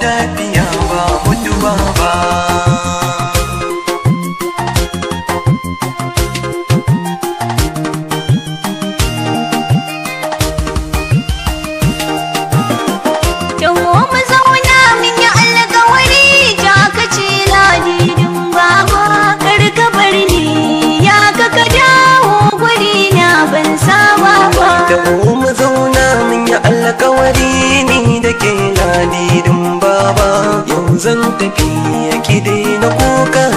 lafiya ba mutuwa ba zan tafi ya kide na kuka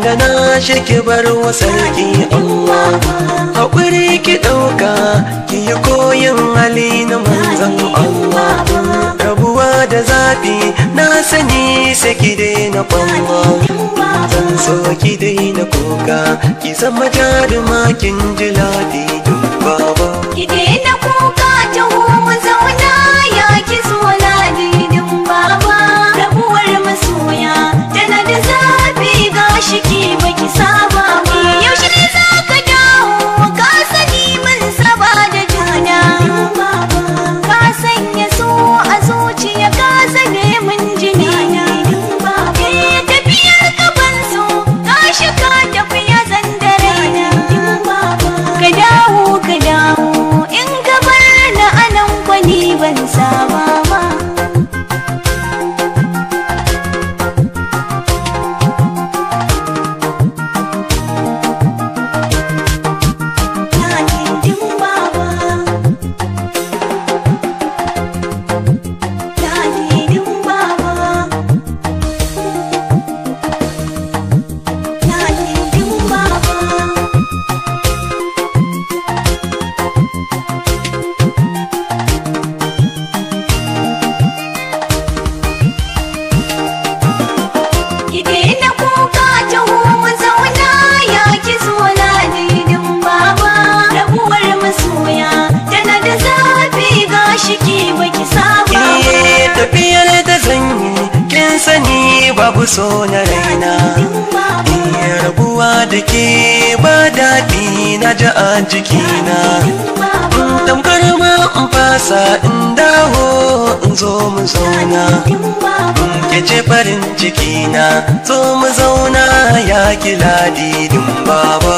dangana shi ki bar wa sarki Allah haƙuri ki ɗauka ki yi koyin hali na manzan Allah rabuwa da zafi na sani sai ki daina kwallo zan so ki daina kuka ki zama jarumakin jiladi ni babu so na raina in rabuwa da ke ba daɗi na ji a jikina tamkar ma in fasa in dawo in zo mu zauna ke ce farin cikina zo mu zauna ya kila didin babu